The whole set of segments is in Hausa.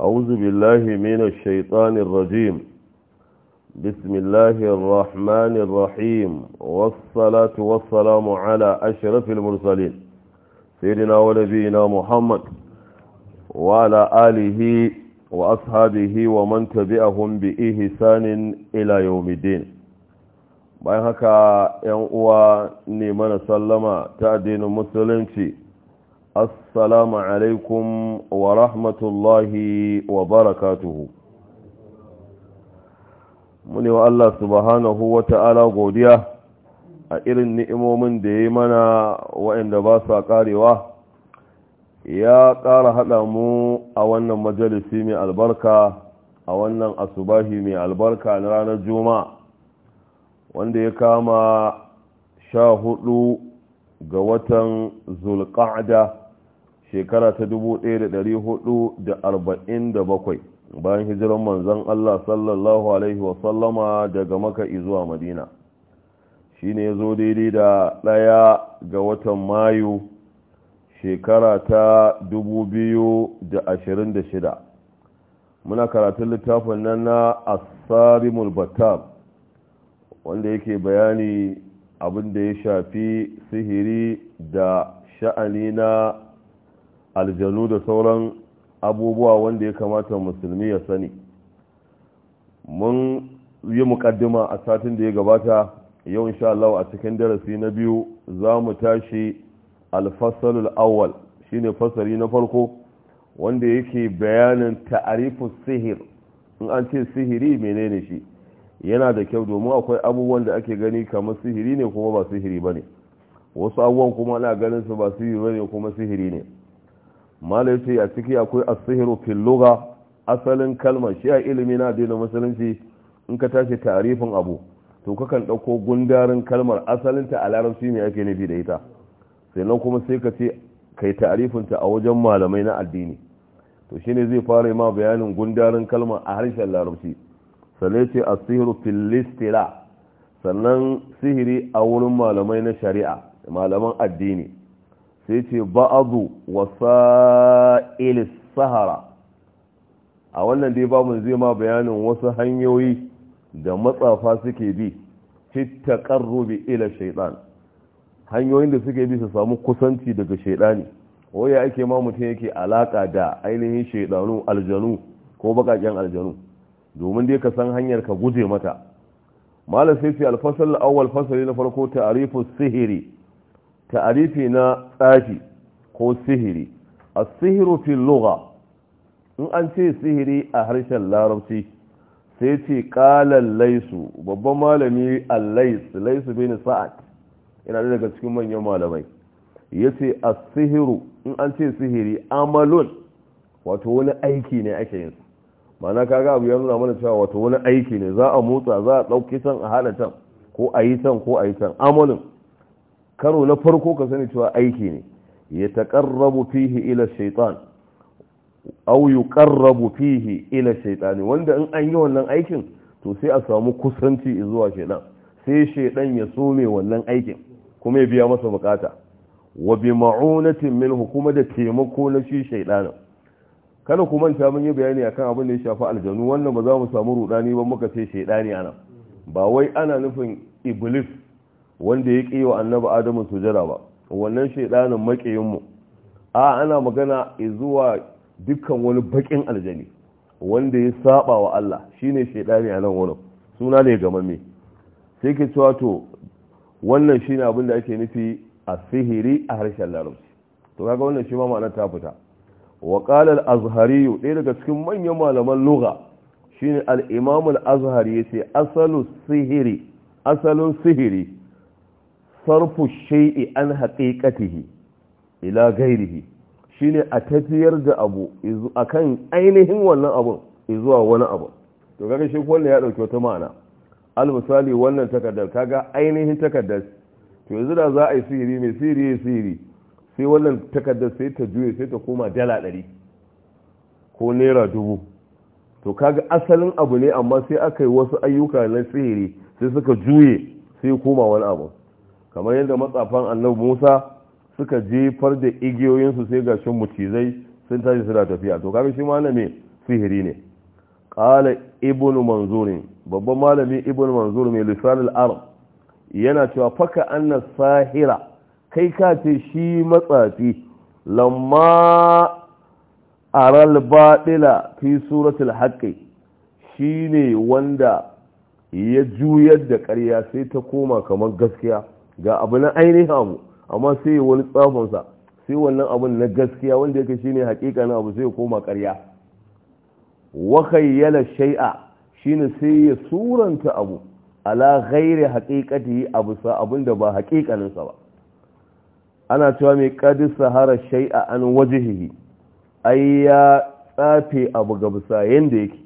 أعوذ بالله من الشيطان الرجيم بسم الله الرحمن الرحيم والصلاة والسلام على أشرف المرسلين سيدنا ونبينا محمد وعلى آله وأصحابه ومن تبعهم بإحسان إلى يوم الدين bayan haka 'yan uwa ne mana sallama ta addinin musulunci assalamu alaikum wa rahmatullahi wa barakatuhu muni wa Allah subhanahu wa ta'ala godiya a irin ni'imomin da ya mana waɗanda ba sa ƙarewa ya ƙara haɗa mu a wannan majalisi mai albarka a wannan asubahi mai albarka na ranar juma'a wanda ya kama sha hudu ga watan zulƙa'ada shekara ta dubu da da da arba'in bakwai bayan hijiran manzon Allah sallallahu alaihi wasallama daga maka zuwa madina shi ne zo daidai da ɗaya ga watan mayu shekara ta da da ashirin shida muna karatun littafin nan na asarimul battab wanda yake bayani abin da ya shafi sihiri da sha'ani na aljanu da sauran abubuwa wanda ya kamata musulmi ya sani mun yi mukaddima a satin da ya gabata yau insha Allah a cikin darasi na biyu za mu tashi alfasalul awwal shine fasari na farko wanda yake bayanin ta'arifu sihir in an ce sihiri menene shi yana da kyau domin akwai abubuwan da ake gani kamar sihiri ne kuma ba sihiri bane wasu abubuwan kuma ana ganin su ba sihiri bane kuma sihiri ne malai ce a ciki akwai asihiru fil lugha asalin kalmar shi a ilimi na addinin musulunci in ka tashi tarifin abu to kakan ɗauko gundarin kalmar asalinta a larabci ne ake nufi da ita sai nan kuma sai ka ce kai tarifinta a wajen malamai na addini to shine zai fara ma bayanin gundarin kalmar a harshen larabci sannan ce asihiru filistira sannan sihiri a wurin malamai na shari'a malaman addini sai ce wasa wasa'ilis sahara a wannan dai babu zai ma bayanin wasu hanyoyi da matsafa suke bi fitta qarrubi ila shaiɗan hanyoyin da suke bi su samu kusanci daga shaidani waya ake ma mutum yake alaka da ainihin shaidanu aljanu ko baƙaƙen aljanu domin dai ka san hanyar ka guje mata malam sai ce alfasal awal fasali na farko ta'rifu sihiri ta'arifi na tsafi ko sihiri a sihiru fi lura in an ce sihiri a harshen larabci sai ce kalan laisu babban malami a laisu bin sa'ad yana daga cikin manyan malamai ya ce a sihiru in an ce sihiri amalun wato wani aiki ne ake yin mana kaga abu ya nuna mana cewa wato wani aiki ne za a motsa za a ɗauki can a haɗa can ko a yi can ko a yi can amalun karo na farko ka sani cewa aiki ne ya taƙarrabu fihi ila shaitan yi ƙarrabu fihi ila shaitan wanda in an yi wannan aikin to sai a samu kusanci zuwa shaitan sai shaitan ya mai wannan aikin kuma ya biya masa bukata wa bi ma'unatin kuma da taimako na shi shaitan kada ku manta mun yi bayani akan abin da ya shafi aljanu wannan ba za mu samu rudani ba muka ce shaitani anan ba wai ana nufin iblis wanda ya ƙi wa annabi adamu sujada ba wannan shaidanin makiyinmu a ana magana zuwa dukkan wani baƙin aljani wanda ya saba wa Allah shine shaidani a nan wurin suna ne gamamme sai ke cewa to wannan shine abin da ake nufi a sihiri a harshen larabci to kaga wannan shi ma ma'ana ta fita wa qala al-azhari ɗaya daga cikin manyan malaman lugha shine al-imam al-azhari yace asalu sihiri sihiri sarfu shay'i an haqiqatihi ila ghairihi shine a tafiyar da abu akan ainihin wannan abun zuwa wani abu to kaga shi kullu ya ɗauki wata ma'ana al misali wannan takardar kaga ainihin takardar to yanzu da za a yi sihiri mai sihiri ya sihiri sai wannan takardar sai ta juye sai ta koma dala ɗari ko naira dubu to kaga asalin abu ne amma sai aka yi wasu ayyuka na sihiri sai suka juye sai koma wani abu kamar yadda matsafan annabi musa suka jefar da igiyoyinsu sai ga shin mucizai sun tashi suna tafiya to kaga shi malami sihiri ne qala ibnu manzurin babban malami ibnu manzur mai lisanul arab yana cewa faka anna sahira kai ka ce shi matsafi lamma aral baɗila fi suratul haqqi shine wanda ya juyar da ƙarya sai ta koma kamar gaskiya ga abu na ainihin abu amma sai wani tsafonsa sai wannan abun na gaskiya wanda yake shi hakika na abu sai koma karya wa shai'a shi shine sai ya suranta abu ala ghairi haqiqati abu sa abinda ba haƙiƙaninsa ba ana cewa mai kadisa sahara shai'a an wajhihi ai ya tsafe abu ga bisa yanda yake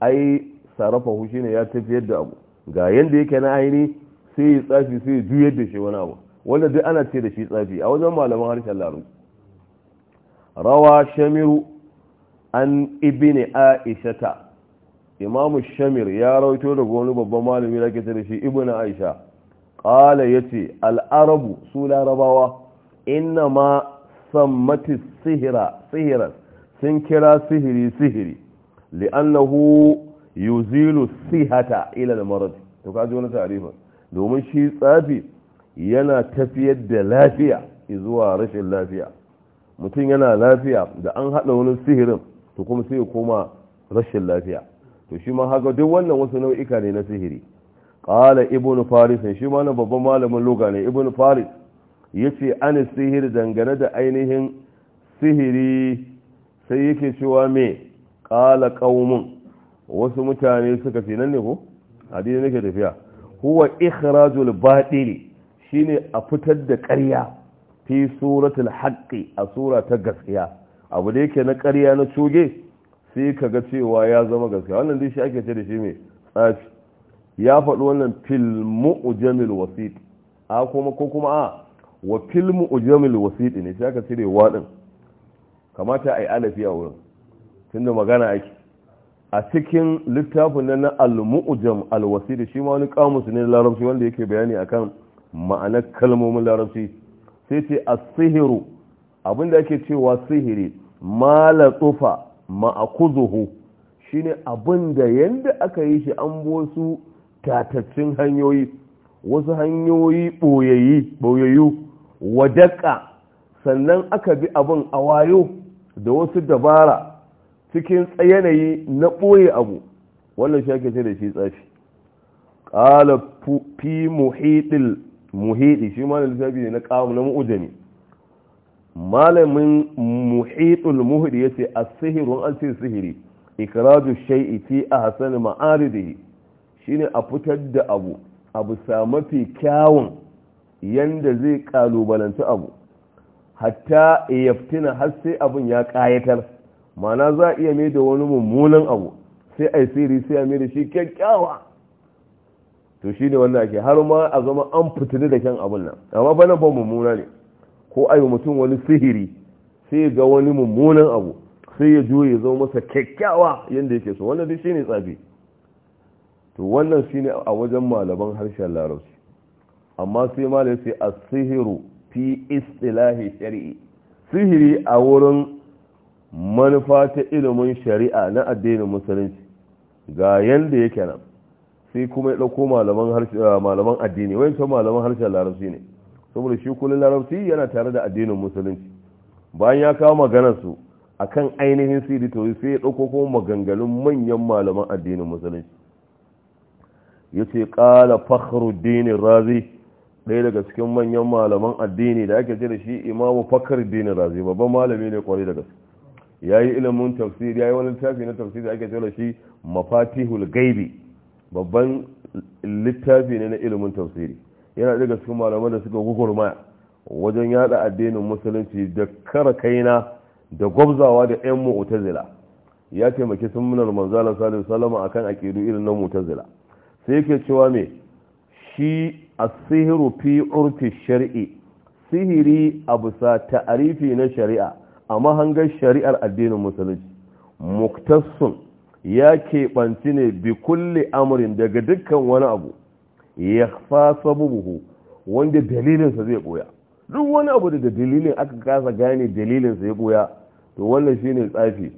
ai sarafahu shine ya tafiyar da abu ga yanda yake na ainihi. sai ya tsafi sai ya juyar da shi wani abu wanda duk ana ce da shi tsafi a wajen malaman harshen larabci rawa shamiru an ibini aishata imamu shamir ya rawaito daga wani babban malami da ke ta da shi ibini aisha ƙala ya ce al'arabu su larabawa inna ma sammati sihira sun kira sihiri sihiri li'annahu yuzilu sihata ila da marad to kaji wani tarifin domin shi tsafi yana tafiyar da lafiya zuwa rashin lafiya mutum yana lafiya da an haɗa wani sihirin to kuma sai koma rashin lafiya to shi ma haka duk wannan wasu nau'ika ne na sihiri ƙala ibn faris shi ma na babban malamin loga ne ibn faris ya ce an sihiri dangane da ainihin sihiri sai yake cewa me ƙala ƙaumin wasu mutane suka ce nan ne ko hadisi nake tafiya huwa ikhrajul batili shine a fitar da ƙarya fi suratul haqqi a sura ta gaskiya abu da yake na ƙarya na coge sai kaga cewa ya zama gaskiya wannan dai shi ake ce da shi mai tsafi ya faɗi wannan fil mu'jamil wasit a kuma ko kuma a wa fil mu'jamil wasit ne sai aka cire waɗin kamata a yi alafi a wurin tunda magana ake a cikin littafin na na al-mu'jam al-wasiri shi ma wani kamus ne larabci wanda yake bayani akan ma'anar kalmomin larabci sai ce as-sihiru abinda ake cewa sihiri ma la tsufa ma'akuzuhu shine abinda yadda aka yi shi an wasu tatattun hanyoyi wasu hanyoyi boyayyi boyayyu wadaka sannan aka bi abin a wayo da wasu dabara cikin yanayi na ɓoye abu wannan shi ake ce da shi tsafi ƙala fi muhidil muhidi shi ma da ne na ƙawon na mu'ujami malamin muhiɗul muhidi ya ce a sihirun an ce sihiri ikiraju shai'i fi a hasan shi shine a fitar da abu abu sami mafi kyawun yanda zai ƙalubalanci abu hatta yaftina har sai abun ya ƙayatar ma'ana za a iya mai da wani mummunan abu sai a yi siri sai a mai da shi kyakkyawa to shi ne wannan ake har ma a zama an fitini da kyan abin nan amma ba nan mummuna ne ko a yi mutum wani sihiri sai ga wani mummunan abu sai ya juye ya zama masa kyakkyawa yadda yake so wannan duk shi ne tsafi to wannan shi ne a wajen malaman harshen larabci amma sai malai sai a sihiru fi istilahi shari'i sihiri a wurin manufa ta ilimin shari'a na addinin musulunci ga yanda yake nan sai kuma ya ɗauko malaman ah, addini wancan malaman harshen larabci ne saboda shi kullum larabci yana tare da addinin musulunci bayan ya kawo maganarsu a kan ainihin to sai ya dauko kuma maganganun manyan malaman addinin musulunci ya ce ƙala fakhruddin razi ɗaya daga cikin manyan malaman addini da ake ce da shi imamu fakhruddin razi babban malami ne kwarai da gaske ya yi ilimin tafsir ya yi wani littafi na tafsir ake cewa shi mafatihul gaibi babban littafi ne na ilimin tafsiri yana daga cikin malaman da suka gugurma wajen yada addinin musulunci da karkaina da gwabzawa da yan mu'tazila ya taimaki sunnar Allah sallallahu alaihi wasallam akan aqidu irin na mu'tazila sai yake cewa me shi as-sihru fi urti shar'i sihiri abusa ta'arifi na shari'a a mahangar shari'ar addinin musulunci muktassun ya keɓanci ne bi kulle amurin daga dukkan wani abu ya fa buhu wanda dalilinsa zai ɓoya duk wani abu da dalilin aka kasa gane dalilinsa ya ɓoya to wannan shine tsafi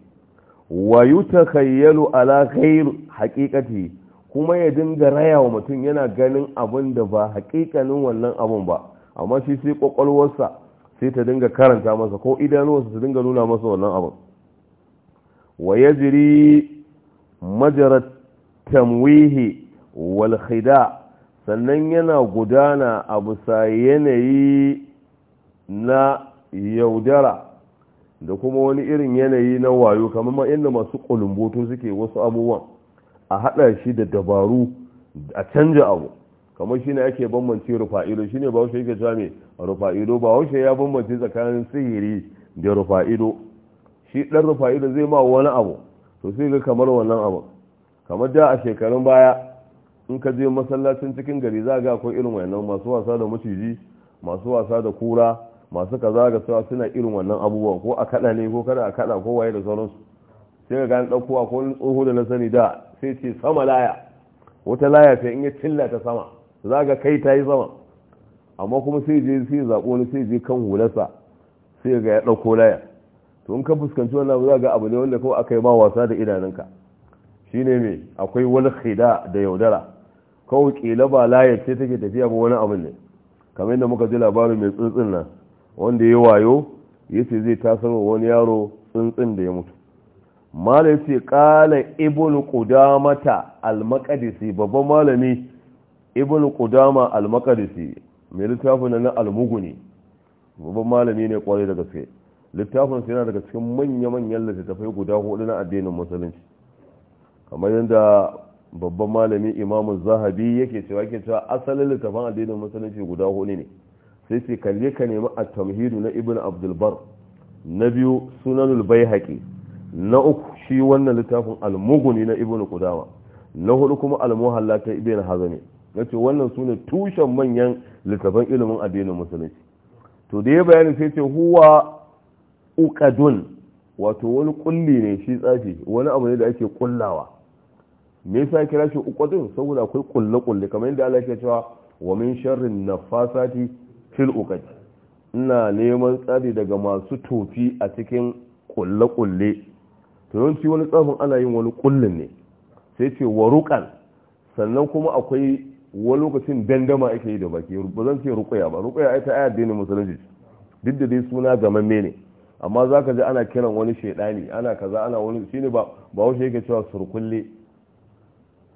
wa yutakhayyalu ala ghair haƙiƙati kuma ya dinga raya wa mutum yana ganin abin da ba haƙiƙanin wannan abun ba amma shi sai ƙwaƙwalwarsa sai ta dinga karanta masa ko idanuwarsa ta dinga nuna masa wannan abin wa ya jiri majarar tamwihi wal khida sannan yana gudana a bisa yanayi na yaudara da kuma wani irin yanayi na wayo kamar ma inda masu kulumboto suke wasu abubuwan a haɗa shi da dabaru a canja abu kamar shine ake bambance rufa'ido shine bahaushe yake cewa me rufa'ido bahaushe ya bambance tsakanin sihiri da rufa'ido shi dan rufa'ido zai ma wani abu to sai ga kamar wannan abu kamar da a shekarun baya in ka je masallacin cikin gari za ga akwai irin wannan masu wasa da maciji masu wasa da kura masu kaza ga cewa suna irin wannan abubuwa ko a kada ne ko kada a kada ko waye da sauransu sai ga gani ɗauko a ko tsoho da na sani da sai ce sama laya wata laya sai in ya cilla ta sama za ga kai ta yi sama amma kuma sai je sai zaɓo wani sai je kan hularsa sai ga ya ɗauko laya to in ka fuskanci wannan za ga abu ne wanda kawai aka yi ma wasa da idanunka shine me akwai wani khida da yaudara kawai kila ba laya ce take tafiya ba wani abu ne kamar yadda muka ji labarin mai tsuntsun nan wanda ya wayo ya ce zai tasar wa wani yaro tsuntsun da ya mutu malam ce kala ibn qudamata al-maqdisi babban malami ibn qudama al-maqdisi mai littafin nan al muguni babban malami ne kwarai da gaske littafin sa yana daga cikin manya-manyan littafai guda hudu na addinin musulunci kamar yadda babban malami imamu zahabi yake cewa yake cewa asalin littafin addinin musulunci guda hudu ne sai sai kalle ka nemi at-tamhidu na ibn abdul bar na biyu sunanul baihaqi na uku shi wannan littafin al muguni na ibn qudama na hudu kuma al-muhalla ta ibn hazmi yace wannan sune tushen manyan littafan ilimin addinin musulunci to da ya bayani sai ce huwa ukadun wato wani kulli ne shi tsafi wani abu ne da ake kullawa me yasa kira shi uqadun saboda akwai kulle kulle kamar yadda Allah ke cewa wa min sharrin nafasati fil uqad ina neman tsari daga masu tofi a cikin kulle kulle to yawanci wani tsafin ana yin wani kullin ne sai ce wa sannan kuma akwai wani lokacin dandama ake yi da baki ba zan ce rukuya ba rukuya ai ta ayat dinin musulunci duk da dai suna gamamme ne amma zaka ji ana kiran wani shedani ana kaza ana wani shine ba ba wani yake cewa surkulle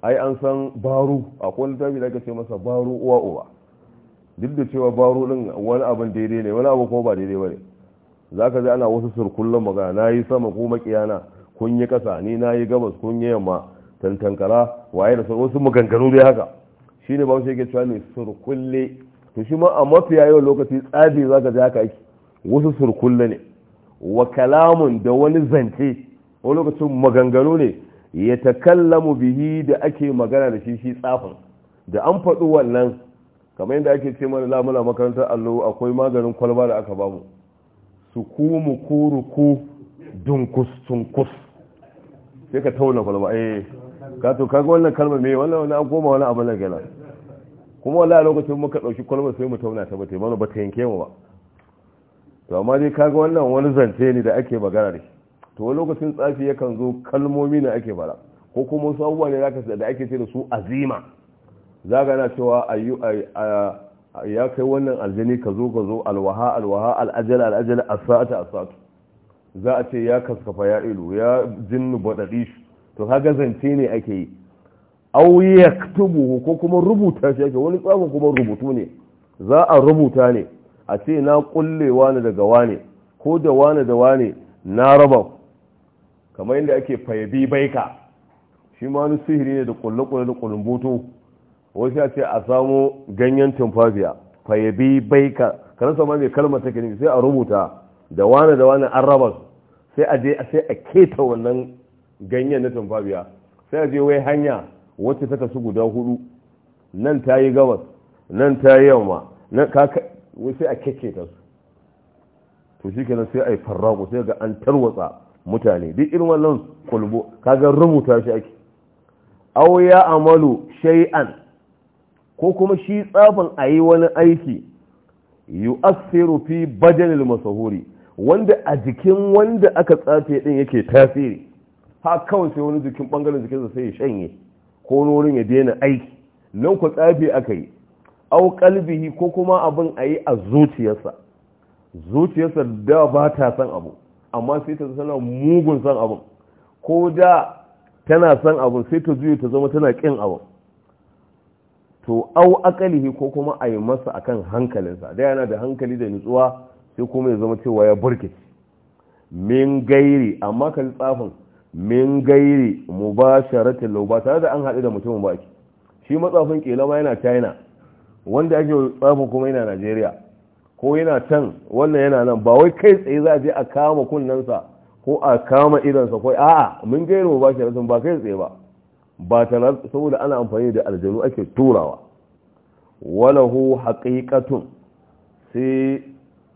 ai an san baru akwai littafi da aka ce masa baru uwa uwa duk da cewa baro din wani abin daidai ne wani abu ko ba daidai ba ne za ka ji ana wasu surkullun magana na yi sama ko makiyana kun yi kasa ni na yi gabas kun yi yamma tantankara waye da wasu maganganu dai haka shi ne bahaushe yake cewa ne surkulle to shi ma a mafiya yau lokaci tsabi za ka ji haka wasu surkulle ne wa kalamun da wani zance wani lokacin maganganu ne ya takallamu bihi da ake magana da shi shi tsafin da an faɗi wannan kamar yadda ake ce mana lamuna makarantar allo akwai maganin kwalba da aka bamu su ku mu ku ruku dunkus tunkus sai ka tauna kwalba eh kato kaga wannan kalmar me wannan wani an koma wani abin na gana kuma a lokacin muka ɗauki kalmar sai mu tauna ta bata mana bata yanke mu ba to amma dai kaga wannan wani zance ne da ake magana da shi to wani lokacin tsafi yakan zo kalmomi ne ake bara ko kuma wasu abubuwa ne zaka da ake ce da su azima ka gana cewa ayu ya kai wannan aljani ka zo ka zo alwaha alwaha al'ajal al'ajal as-sa'ata za a ce ya kaskafa ya ilu ya jinnu shi to kaga zance ne ake yi aw yaktubu ko kuma rubuta shi ake wani tsawon kuma rubutu ne za a rubuta ne a ce na kulle wani daga wani ko da wani da wani na raba kamar yadda ake fayabi baika shi ma wani sihiri ne da kulle-kulle da kulumbutu wasu ya ce a samo ganyen tumfafiya fayabi baika kanan sama mai kalmar take ne sai a rubuta da wani da wani an raba sai a je sai a keta wannan ganyen na tumfafiya sai a je wai hanya wacce ta kasu guda hudu nan ta yi gabas nan ta yi yamma nan sai a keke ta su to shi kenan sai a yi farrago sai ga an tarwatsa mutane duk irin wannan kulbo kaga rubuta shi ake aw ya amalu shay'an ko kuma shi tsafin a yi wani aiki yu'assiru fi badalil masahuri wanda a jikin wanda aka tsafe din yake tasiri ha kawai sai wani jikin bangaren jikinsa sai ya shanye ko wurin ya daina aiki nan ku tsafi aka yi au kalbihi ko kuma abin a yi a zuciyarsa zuciyarsa da ba ta san abu amma sai ta zama mugun san abin ko da tana san abin sai ta juye ta zama tana kin abin to au akalihi ko kuma a yi masa akan hankalinsa da yana da hankali da nutsuwa sai kuma ya zama cewa ya burkici min gairi amma kan tsafin min gairi mubasharatin ba tare da an haɗu da mutumin ba ake shi matsafin kila ma yana china wanda ake tsafin kuma yana najeriya ko yana can wannan yana nan ba wai kai tsaye za a je a kama kunnensa ko a kama idansa ko a'a min gairi mubasharatin ba kai tsaye ba ba tana saboda ana amfani da aljanu ake turawa walahu haƙiƙatun sai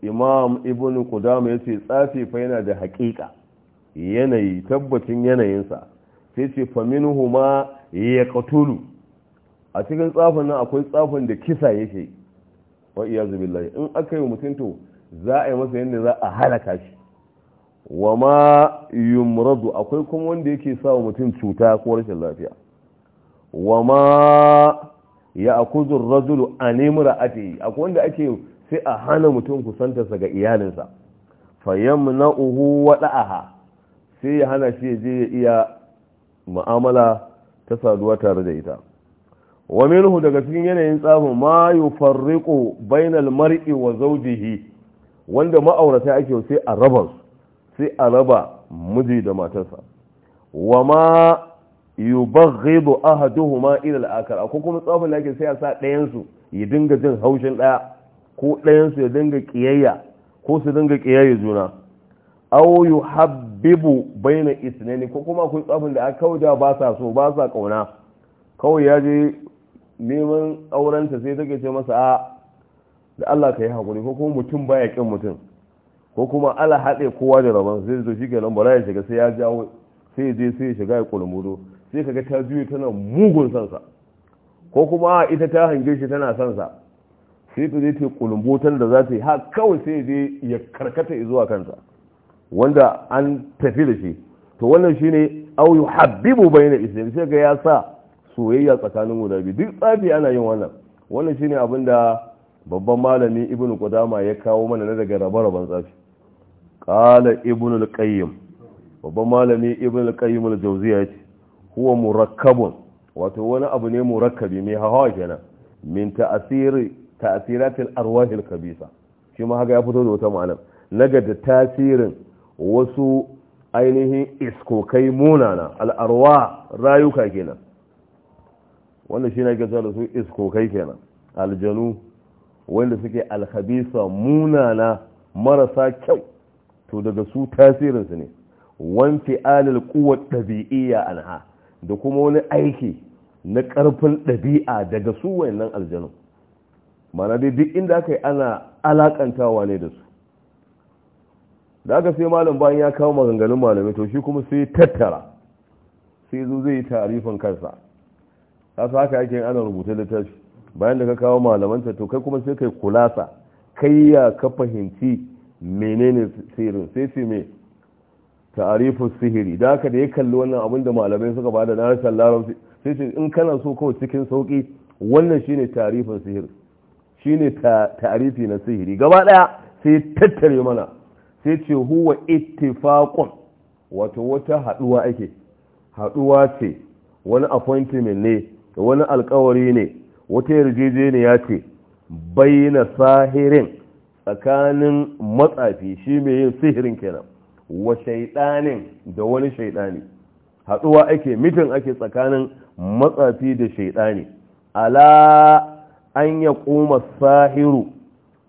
imam ibn ya ce tsafi fa yana da haƙiƙa. yanayi tabbacin yanayinsa sai ce faminuhu ma ya katulu a cikin tsafin nan akwai tsafin da kisa yake wa iya zubillah in aka yi mutum to za a yi masa yadda za a halaka shi wa ma yumradu akwai kuma wanda yake sa wa mutum cuta ko rashin lafiya wa ma ya akuzu rajulu animra ati akwai wanda ake sai a hana mutum kusantarsa ga iyalinsa fayyamna'uhu wada'aha sai ya hana shi ya je ya iya mu'amala ta saduwa tare da ita wa minhu daga cikin yanayin tsafin ma yufarriqu bainal mar'i wa zawjihi wanda ma'aurata ake sai a raba sai a raba miji da matarsa wa ma yubaghidu ahaduhuma ila al-akhar akwai kuma tsafin da ake sai a sa ɗayan su ya dinga jin haushin ɗaya ko ɗayan su ya dinga kiyayya ko su dinga kiyayya juna aw yuhab bibu bayna isnani ko kuma akwai tsafin da aka kauda ba sa so ba sa kauna kawai ya je neman aurenta sai take ce masa a da Allah ka yi hakuri ko kuma mutum baya kin mutum ko kuma ala haɗe kowa da rabon sai zo shi ke bara ya shiga sai ya jawo sai ya je sai ya shiga ya kulmudo sai kaga ta juye tana mugun sansa ko kuma ita ta hange shi tana sansa sai ta je ta kulmbotan da za ta yi ha kawai sai ya je ya karkata zuwa kansa wanda an tafi da shi to wannan shine au yuhabbibu bayna isnayni sai ga ya sa soyayya tsakanin guda biyu duk tsafi ana yin wannan wannan shi ne abin da babban malami ibnu Kudama ya kawo mana na daga rabe-raben tsafi Kala ibnu al-qayyim babban malami ibnu al-qayyim al-jawziya ce. huwa murakkabun wato wani abu ne murakkabi mai hawa kenan min ta'asiri ta'asiratil arwahil kabisa shi ma haka ya fito da wata ma'ana naga da tasirin wasu ainihin iskokai munana al'arwa rayuka kenan wanda shi na ke da su iskokai kenan aljanu wanda suke alhabisa munana marasa kyau to daga su tasirinsu ne wanti alil kuwar ɗabi'iyya anha da kuma wani aiki na ƙarfin ɗabi'a daga su wayannan aljanu mana dai duk inda aka yi ana alakantawa ne da su da aka sai malam bayan ya kawo maganganun malamai to shi kuma sai tattara sai zo zai yi tarifin kansa su haka yake ana rubuta tashi bayan da ka kawo malamanta to kai kuma sai kai kulasa kai ya ka fahimci menene sirrin sai sai me tarifin sihiri da aka da ya kalli wannan abin da malamai suka bada na rashin larabci sai in kana so kawai cikin sauki wannan shine tarifin sihiri shine tarifi na sihiri gaba daya sai tattare mana sai ce huwa ittifaqun wato wata haduwa ake haduwa ce wani appointment ne wani alkawari ne wata yarjejeniya ce bayyana sahirin tsakanin matsafi shi mai yin sihirin kenan wa shaidanin da wani shaidani haduwa ake mitin ake tsakanin matsafi da shaidani ala an ya sahiru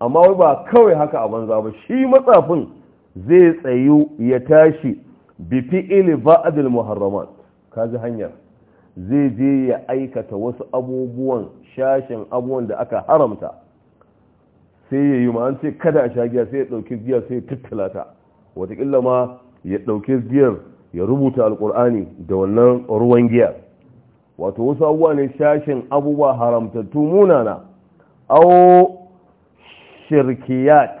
amma wai ba kawai haka a banza ba shi matsafin zai tsayu ya tashi bi fi'ili ba'dil muharramat kaji hanyar zai je ya aikata wasu abubuwan shashin abubuwan da aka haramta sai ya yi ma ce kada a sha giya sai ya ɗauki giya sai ya tattala ta wataƙila ma ya ɗauki giyar ya rubuta alƙur'ani da wannan ruwan giya wato wasu abubuwa ne shashin abubuwa haramtattu munana au shirkiyat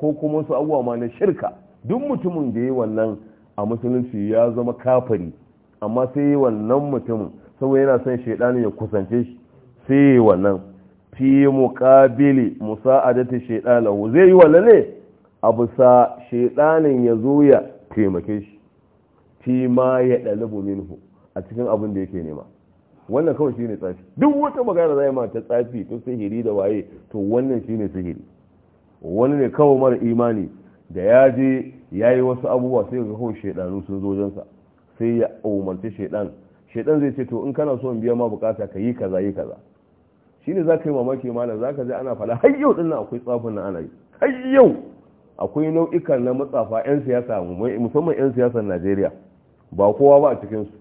ko kuma su abubuwa ma na shirka duk mutumin da ya wannan a musulunci ya zama kafari amma sai yi wannan mutumin saboda yana son shaidanin ya kusance shi sai yi wannan fi muqabili musa'adati shaidan lahu zai yi wannan ne abu sa shaidanin ya zo ya taimake shi fi ma ya ɗalibu minhu a cikin abin da yake nema wannan kawai shine tsafi duk wata magana zai ma ta tsafi to sihiri da waye to wannan shine sihiri wani ne kawo mara imani da ya je ya yi wasu abubuwa sai ga kawai shaidanu sun zo wajensa sai ya umarci shaidan shaidan zai ce to in kana so in biya ma bukata ka yi kaza yi kaza shine za ka yi mamaki malam za ka je ana fada har yau dinnan akwai tsafin na ana yi har yau akwai nau'ikan na matsafa 'yan siyasa musamman 'yan siyasar najeriya ba kowa ba a cikin su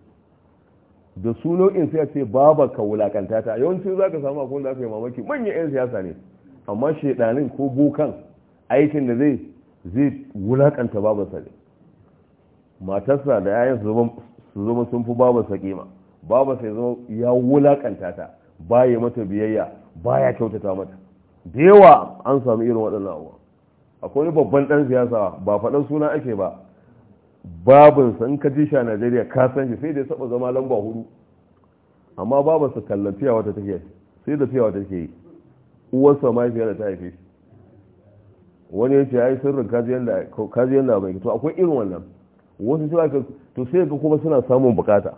da su nau'in sai ce baba ka wulakanta ta yawancin za ka samu akwai da aka yi mamaki manyan 'yan siyasa ne amma shaidanin ko bokan aikin da zai zai wulakanta babarsa ne matarsa da yayin su zama sun fi babarsa ma babarsa ya zama ya wulakanta ta baya mata biyayya baya kyautata mata da yawa an samu irin waɗannan abuwa akwai babban ɗan siyasa ba faɗan suna ake ba babin in ka ji a najeriya ka san shi sai da ya saba zama lamba hudu amma kallon kallafiya wata take sai da fiya wata take yi uwarsa mahaifiyar ta haife shi wani ya ce ya yi sirrin kajiyar na bai to akwai irin wannan wasu cewa ka to sai ga kuma suna samun bukata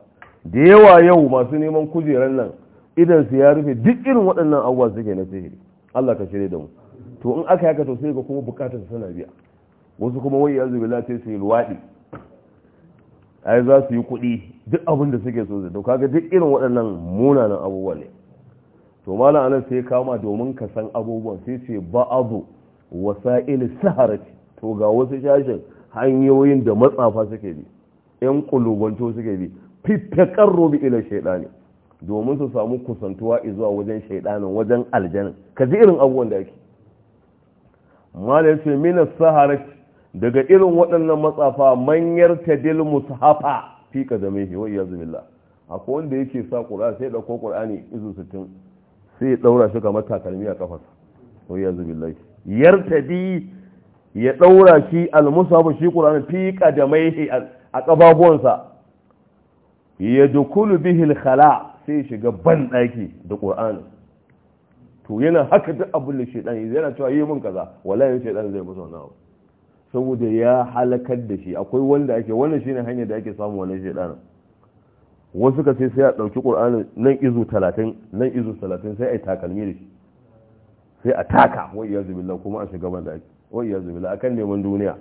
da yawa yau masu neman kujeran nan idan su ya rufe duk irin waɗannan abubuwa suke na sihiri Allah ka shirya da mu to in aka yaka to sai ga kuma bukatar suna biya wasu kuma wai ya zubi sai su yi luwaɗi ai za su yi kuɗi duk abin da suke so su to kaga duk irin waɗannan munanan abubuwa ne to malam anan sai kama domin ka san abubuwan sai ce wasa wasa'il saharati to ga wasu shashin hanyoyin da matsafa suke bi yan kulubanto suke bi fitakar robi ila shaidani domin su samu kusantuwa izuwa wajen shaidanin wajen aljanin ka ji irin abubuwan da ake malam ce minas saharati daga irin waɗannan matsafa manyar tadil mushafa fi kazamihi wa iyyazu billah akwai wanda yake sa qur'ani sai dauko qur'ani izu sai ya ɗaura shi kamar takalmi a kafarsa wai yanzu billahi yartadi ya ɗaura shi almusabu shi qur'ani fi qadamaihi a kababuwansa ya dukulu bihi alkhala sai ya shiga ban daki da qur'ani to yana haka duk abin da shedan yana cewa yi mun kaza wallahi shedan zai musu wannan saboda ya halakar da shi akwai wanda ake wannan shine hanyar da ake samu wannan shedanin wasu ka ce sai a ɗauki ƙur'ani nan izu talatin nan izu talatin sai a yi takalmi da shi sai a taka wa iya zubilla kuma a shiga banda ake wa iya zubilla a kan neman duniya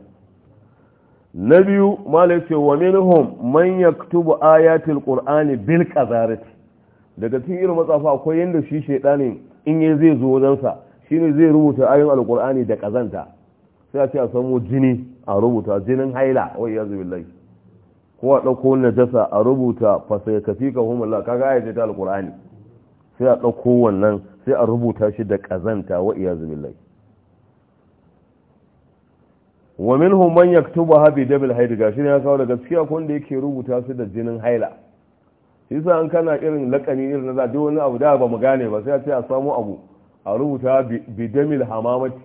na biyu mala ce wa minhum man yaktubu ayatul qur'ani bil qazarati daga cikin irin matsafa akwai yanda shi shaydanin in ya zai zo wajen sa shine zai rubuta ayoyin alqur'ani da kazanta sai a ce a samu jini a rubuta jinin haila wa iya zubillahi ko a ɗauko najasa a rubuta fasai kafi ka humula kaga ayat ta alƙur'ani sai a ɗauko wannan sai a rubuta shi da ƙazanta wa iyazu billahi wa minhum man yaktubuha bi dabil haid gashi ne ya kawo da gaskiya ko da yake rubuta su da jinin haila yasa an kana irin lakani irin na duk wani abu da ba mu gane ba sai a ce a samu abu a rubuta bi dab'il hamamati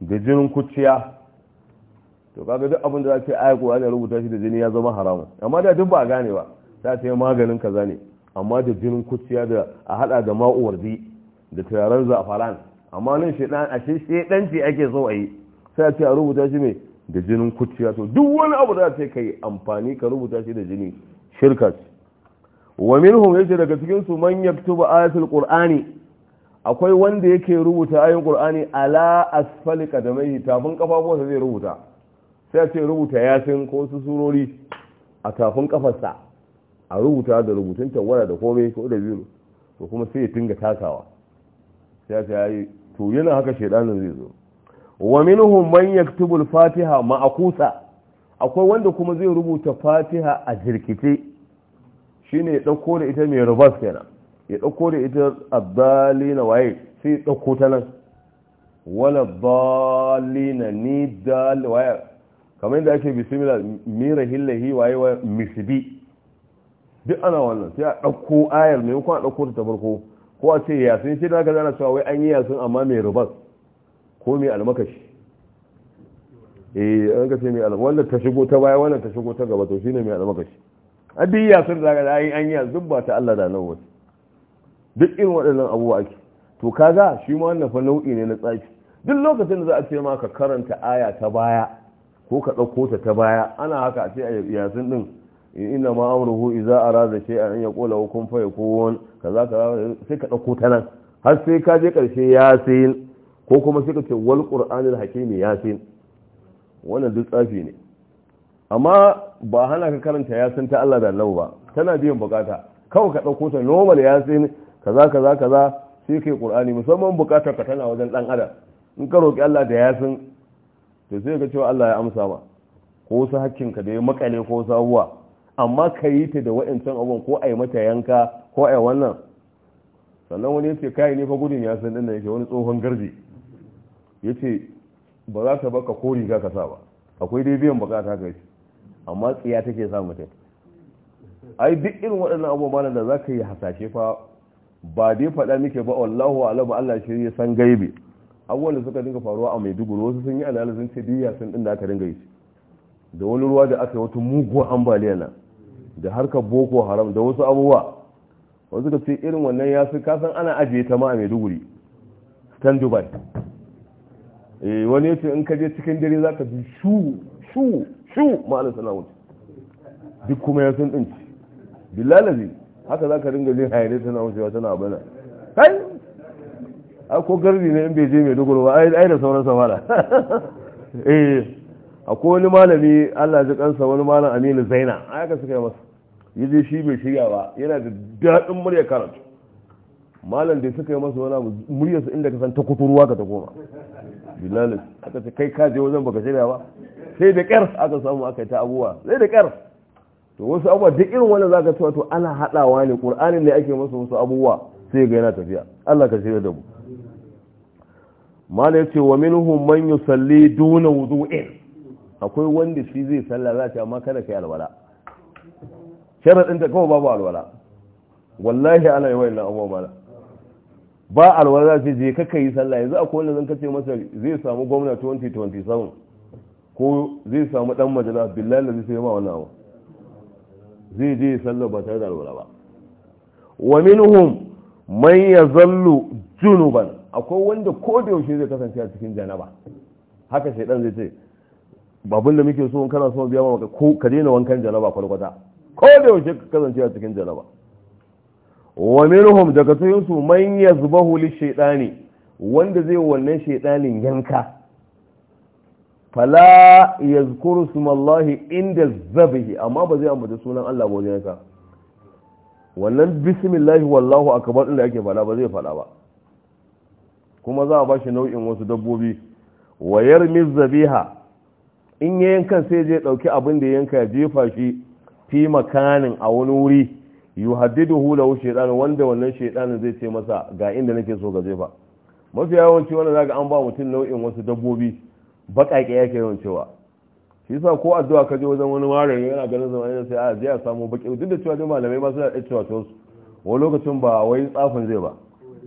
da jinin kuciya to kaga duk abin da za ce yi ayar ƙur'ani rubuta shi da jini ya zama haramun amma da duk ba gane ba za ta yi maganin kaza ne amma da jinin kuciya da a hada da ma'uwardi da turaren zafaran amma nan dan a shedanci ake so a yi sai a ce a rubuta shi mai da jinin kuciya to duk wani abu da za ka yi amfani ka rubuta shi da jini shirka ce wa minhum yace daga cikin su man yaktubu ayatul qur'ani akwai wanda yake rubuta ayin qur'ani ala asfali kadamai tafin kafafuwa zai rubuta sai ce rubuta yasin ko su surori a tafin kafarsa a rubuta da rubutun tawara da komai ko da biyu to kuma sai ya tinga takawa sai ya yi to yana haka shedanin zai zo wa minhum man yaktubu al-fatiha ma'akusa akwai wanda kuma zai rubuta fatiha a jirkite shine ya dauko da ita mai rubas kenan ya dauko da ita abdalina waye sai ya dauko ta nan wala dalina ni dal waye kamar yadda ake bisimila mira hillahi wa wa misbi duk ana wannan sai a ɗauko ayar mai kuma a ɗauko ta farko ko a ce yasin shi da kaza zana cewa wai an yi yasin amma mai rubas ko mai almakashi eh an ka ce mai almakashi wannan ta shigo ta baya wannan ta shigo ta gaba to shine mai almakashi a duk yasin da aka ai an yi yasin ba ta Allah da nan duk irin waɗannan abubuwa ake to kaga shi ma wannan fa nau'i ne na tsaki duk lokacin da za a ce ma ka karanta aya ta baya ko ka ɗauko ta ta baya ana haka a ce a yasin ɗin inna ma amruhu idza arada shay'an an yaqula kun fayakun kaza kaza sai ka ɗauko ta nan har sai ka je ƙarshe yasin ko kuma sai ka ce wal qur'anil hakimi yasin wannan duk tsafi ne amma ba hana ka karanta yasin ta Allah da Allah ba tana biyan bukata kawai ka ɗauko ta normal yasin kaza kaza kaza sai kai qur'ani musamman bukatar ka tana wajen ɗan adam in ka roki Allah da yasin to sai ga cewa Allah ya amsa ba ko wasu hakkinka da ya makale ko sabuwa amma ka yi ta da wa'ancan abubuwan ko a yi mata yanka ko a yi wannan sannan wani ya ce kai ne fa gudun ya san dinnan yake wani tsohon garbi ya ba za ta baka ko riga ka sa ba akwai dai biyan bukata ka yi amma tsiya take sa mutum ai duk irin waɗannan abubuwan da za ka yi hasashe fa ba dai faɗa muke ba wallahu a'lamu Allah shi ya san gaibi abubuwan da suka dinga faruwa a maiduguri wasu sun yi analizin ce diya sun din da aka dinga yi da wani ruwa da aka yi wata muguwa ambaliya na da harkar boko haram da wasu abubuwa wasu ka ce irin wannan ya su kasan ana ajiye ta ma a maiduguri stand by eh wani yace in ka je cikin dare zaka ji shu shu shu ma'ana sana wuce duk kuma ya sun dinci bilalazi haka zaka dinga jin hayaniya tana wucewa tana bana a ko gardi ne in bai je mai duguru ba ai da sauran samara eh akwai wani malami Allah ji kansa wani malam Aminu Zaina a ka suka masa yaje shi bai shirya ba yana da dadin murya karatu malam da suka yi masa wani abu murya su inda ka san ta kuturuwa ka ta koma bilal aka ce kai ka je wajen baka shirya ba sai da kyar aka samu aka yi ta abuwa sai da kyar to wasu abuwa duk irin wannan zaka cewa to ana hadawa ne qur'anin ne ake masa wasu abuwa sai ga yana tafiya Allah ka shirya da mu mala ce wa minhum man salli duna wudu'in akwai wanda shi zai salla za ce amma kada kai alwala sharadin ta kawai babu alwala wallahi ana yi wayannan abubuwa mala ba alwala za je kaka yi salla yanzu akwai wanda zan kace masa zai samu gwamna 2027 ko zai samu dan majalis billahi da zai ma wannan abu zai je salla ba tare da alwala ba wa minhum man yazallu junuban akwai wanda ko da yaushe zai kasance a cikin janaba haka shaidan zai ce babun da muke so in kana so biya maka ko ka daina wankan janaba kwalkwata ko da yaushe ka kasance a cikin janaba wa minhum daga cikin su man yazbahu shaytani wanda zai wannan shaidanin yanka fala yazkuru sumallahi inda zabihi amma ba zai ambata sunan Allah ba wajen yanka wannan bismillah wallahu akbar din da ake fada ba zai fada ba kuma za a ba shi nau'in wasu dabbobi wa yarmi zabiha in ya yankan sai je ɗauki abin da yanka ya jefa shi fi makanin a wani wuri yuhaddiduhu lahu shaytan wanda wannan shaytanin zai ce masa ga inda nake so ga jefa mafi yawanci wanda ga an ba mutum nau'in wasu dabbobi baƙaƙe ke yawan cewa shi yasa ko addu'a ka je wajen wani ware yana ganin zama yana sai a je a samu baƙi duk da cewa dai malamai ba suna ɗaya cewa wasu wani lokacin ba wai tsafin zai ba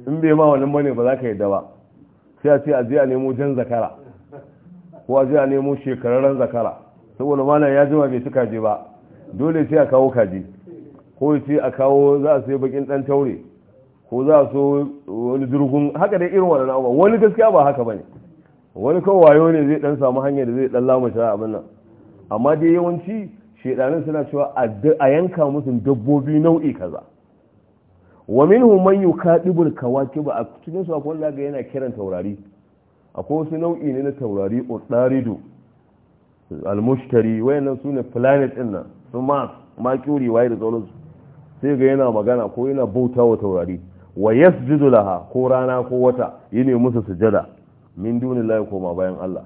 in bai ma wani bane ba za ka yadda ba sai a ce a je a nemo jan zakara ko a jiya nemo shekararren zakara saboda mana ya jima bai ci kaji ba dole sai a kawo kaji ko sai a kawo za a sai bakin dan taure ko za a so wani durgun haka dai irin wannan abubuwa wani gaskiya ba haka bane wani kawai wayo ne zai dan samu hanyar da zai dan lamusha abin nan amma dai yawanci shedanin suna cewa a yanka musu dabbobi nau'i kaza wa minhu man yukadibu kawakib a cikin su akwai wanda yana kiran taurari akwai wasu nau'i ne na taurari udaridu al wayannan su ne planet din nan su mars mercury waye da sauransu sai ga yana magana ko yana bauta wa taurari wa yasjudu laha ko rana ko wata yine musu sujada min dunillahi ko ma bayan Allah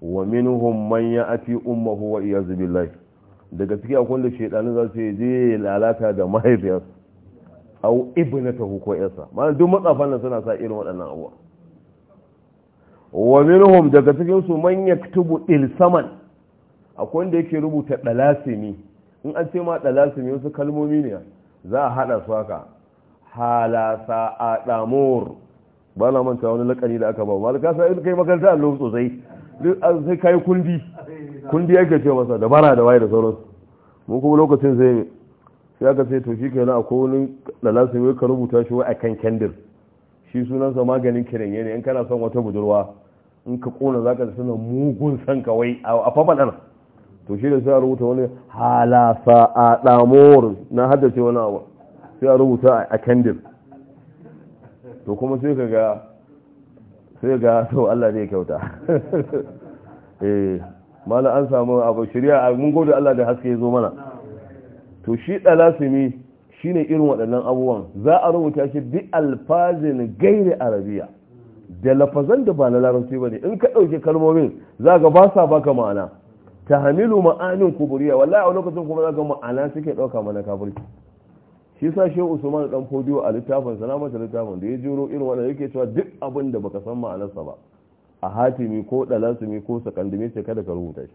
wa minhum man ya'ti ummuhu wa iyaz billahi daga cikin akwai da shedanin za su je lalata da mahaifiyarsa au ibnatahu ko yarsa malam duk matsafan nan suna sa irin waɗannan abuwa wa minhum daga cikin su man yaktubu ilsaman akwai wanda yake rubuta dalasimi in an ce ma dalasimi wasu kalmomi ne za a hada su haka halasa adamur ba na manta wani lakani da aka ba ma ka sa kai makaranta allo sosai sai kai kundi kundi yake ce masa dabara da waye da sauransu mun kuma lokacin sai sai aka sai to shi kenan akwai wani lalasa wai ka rubuta shi a kan kendir shi sunansa maganin kiranye ne in kana son wata budurwa in ka kona za ka sanar mugun san kawai a fafaɗar to shi da sai a rubuta wani halasa a ɗamor na haddace wani abu sai a rubuta a kendir to kuma sai ka ga sai ga to Allah zai kyauta eh mala an samu abu shari'a mun gode Allah da haske ya zo mana to shi ɗalasimi shi ne irin waɗannan abubuwan za a rubuta shi bi alfazin gairi arabiya da lafazan da ba na larabci ba ne in ka ɗauke kalmomin za ga ba sa baka ma'ana ta hamilu ma'anin kuburiya wallahi a lokacin kuma za ga ma'ana suke ɗauka mana kafirci shi sa shi usman dan fodiyo a littafin ta littafin da ya jiro irin waɗanda yake cewa duk abin da baka san ma'anarsa ba a hatimi ko ɗalasimi ko sakandame ce kada ka rubuta shi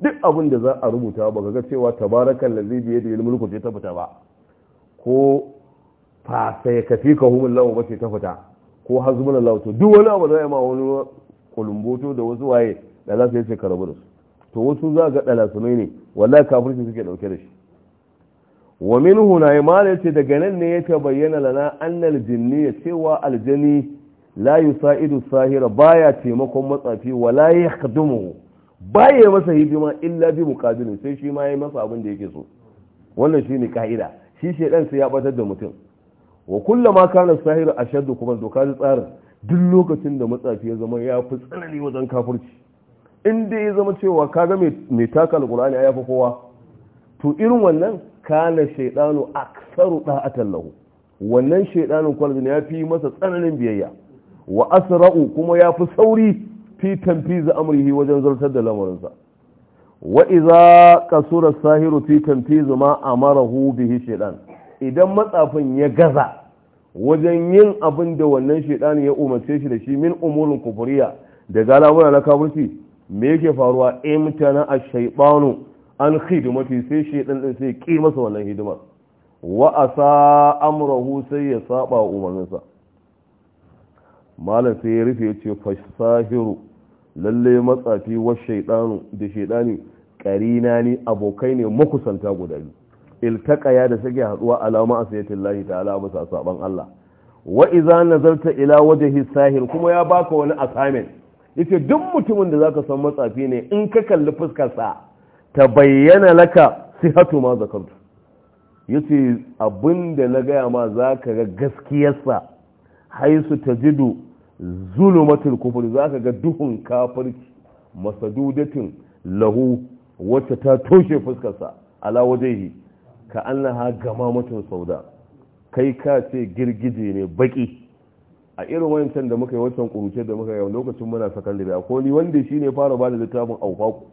duk abin da za a rubuta ba ga cewa tabarakan lazi biye da mulku ce ta fita ba ko fa sai fi ka humin lawa ba ce ta fita ko hazmuna lawo duk wani abu za a ma wani kulumboto da wasu waye da za su yi ka rabu da su to wasu za ga dalasunai ne wallahi kafirci suke dauke da shi wa min huna ya ce daga nan ne ya ta bayyana lana annal jinni ya cewa aljani la yusa'idu sahira baya taimakon matsafi wala yakhdumu baya masa hidima illa bi muqabilin sai shi ma yayi masa abin da yake so wannan shine ka'ida shi shedan sai ya batar da mutum wa kullama kana sahiru ashaddu kuma doka da tsarin duk lokacin da matsafi ya zama ya fi tsanani wajen kafirci in dai ya zama cewa kaga mai taka alqur'ani ya fi kowa to irin wannan kana shaidanu aksaru da'atan lahu wannan shaidanin kwalbin ya fi masa tsananin biyayya wa asra'u kuma ya fi sauri fi tanfizi amrihi wajen zartar da lamarinsa wa iza kasura sahiru fi tanfizi ma amarahu bihi shaitan idan matsafin ya gaza wajen yin abin da wannan shaitan ya umarce shi da shi min umurin kufuriya da galamuna na kafirci me yake faruwa imtana a shaiɓanu an hidimati sai shaitan din sai ki masa wannan hidimar wa asa amrahu sai ya saba umarninsa malam sai ya rufe ya ce fasahiru lalle matsafi wa shaidanu da shaidani karina ne abokai ne makusanta guda biyu ya da suke haduwa alama asiyatin lahi ta'ala sa saban Allah wa idza nazarta ila wajhi sahir kuma ya baka wani assignment yace duk mutumin da zaka san matsafi ne in ka kalli fuskar sa ta bayyana laka sihatu ma zakartu yace abinda na gaya ma zaka ga gaskiyarsa haisu jidu zulumatul za ka ga duhun kafirci masadudatin lahu wacce ta toshe fuskarsa ala wajehi ka annaha mutum sauda kai ka ce girgije ne baki a irin wancan da muka yi wancan kuruce da muka yi lokacin muna sakandare a koli wanda shi ne fara bada littafin aufaku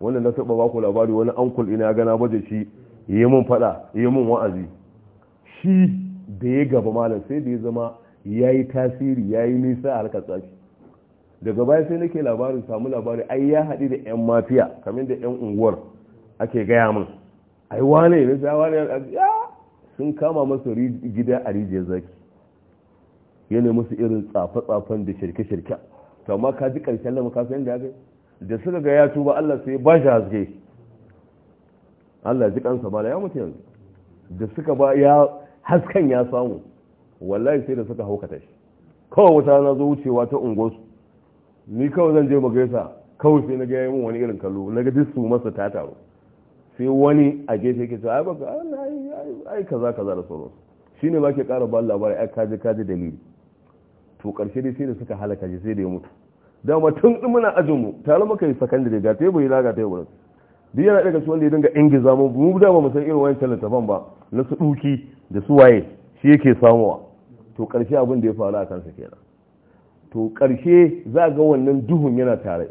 wanda na taɓa baku labari wani ankul ina gana baje shi yi mun fada yi mun wa'azi shi da ya gaba malam sai da ya zama ya yi tasiri ya yi nisa a harkar tsafi daga baya sai nake labarin samu labarin ai ya haɗu da 'yan mafiya kamar da 'yan unguwar ake gaya min ai wane ne sai wane ya sun kama masa gida a rijiyar zaki yana musu irin tsafe-tsafen da shirke-shirke to amma ka ji karshen da ka san da ya da suka ga ya tuba Allah sai ba shi haske Allah ji kansa da ya mutu yanzu da suka ba ya hasken ya samu wallahi sai da suka haukata shi kawai wata na zo wucewa ta unguwarsu ni kawai zan je magaisa kawai sai na ga yi wani irin kallo na ga su masa ta taro sai wani a gefe yake cewa ai baka ai kaza kaza da sauran shine ba ke kara ba labarai ai kaji kaji dalili to karshe dai sai da suka halaka shi sai da ya mutu dama tun din muna ajin mu tare maka yi sakandare ga tebur yi laga tebur duk yana daga cikin wanda ya dinga ingiza mu mu da ba mu san irin wani talanta ba na su duki da su waye shi yake samuwa to ƙarshe abin da ya faru a kansa kenan to ƙarshe za ga wannan duhun yana tare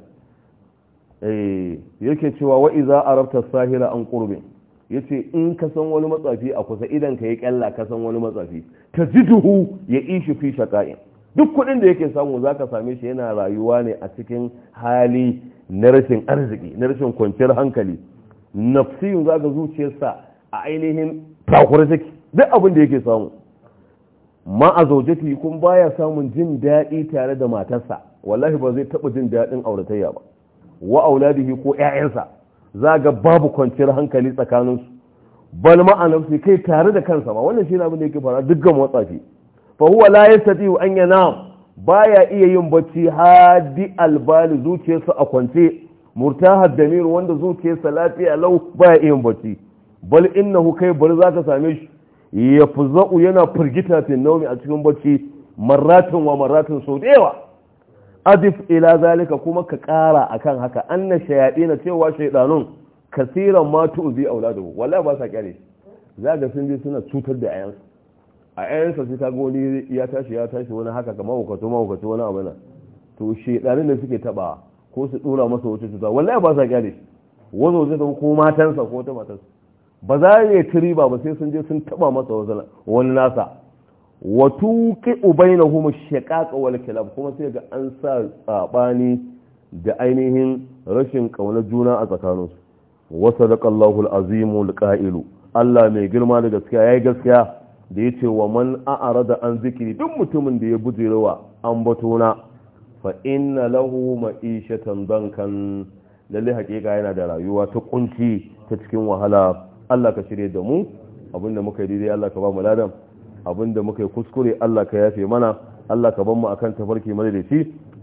eh, yake cewa za a rafta sahira an Ya ce in ka san wani matsafi a kusa idan ka yi ƙyalla ka san wani matsafi ta duhu ya ishi fi shaƙa'in duk kuɗin da yake samu za ka same shi yana rayuwa ne a cikin hali na rashin arziki na rashin kwanciyar hankali nafsiyun ka zuciyarsa a ainihin takura duk abin da yake samu ma a zaujati kun baya samun jin daɗi tare da matarsa wallahi ba zai taɓa jin daɗin auratayya ba wa auladihi ko ƴaƴansa za ga babu kwanciyar hankali tsakaninsu bal ma a nafsi kai tare da kansa ba wannan shi ne abin da yake fara dukkan motsafi fa huwa la yastati an yana baya iya yin bacci hadi albali zuciyarsa a kwance murtahad damir wanda zuciyarsa lafiya lau baya iya yin bacci bal innahu kai bari zaka same shi ya fuza'u yana firgita fi naumi a cikin bacci maratin wa maratin sau da yawa adif ila zalika kuma ka kara akan haka shayaɗi na cewa shaidanun kasiran ma tu'zi auladu wallahi ba sa kyale za ga sun je suna cutar da ayansu a ayansu sai ta gani ya tashi ya tashi wani haka kamar hukato ma wani abu na to shaidanun da suke taba ko su dora masa wata cuta wallahi ba sa kyale wazo zai ko matansa ko ta matansa ba za ya ci riba ba sai sun je sun taba masa wani nasa wa tuqi kuma shekaka wani kilab kuma sai ga an sa tsabani da ainihin rashin kauna juna a tsakaninsu wa da kallahu azim al Allah mai girma da gaskiya ya yi gaskiya da ya ce wa man a'rada an zikiri duk mutumin da ya bujirewa an batona fa inna lahu ma'ishatan dankan lalle hakika yana da rayuwa ta kunci ta cikin wahala Allah ka shirye da mu abinda muka yi daidai Allah ka ba mu ladan abinda muka yi kuskure Allah ka yafe mana Allah ka ban mu akan tafarki mana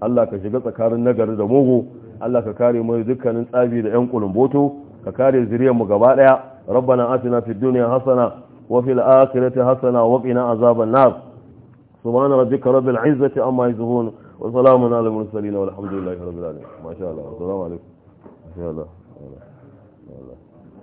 Allah ka shiga tsakanin nagari da mugu Allah ka kare mu dukkanin tsabi da yan kulumboto ka kare zuriyar mu gaba daya rabbana atina fid dunya hasana wa fil akhirati hasana wa qina azaban nar سبحان ربك رب العزة عما يصفون وسلام على المرسلين والحمد لله رب العالمين ما شاء الله السلام عليكم ما شاء الله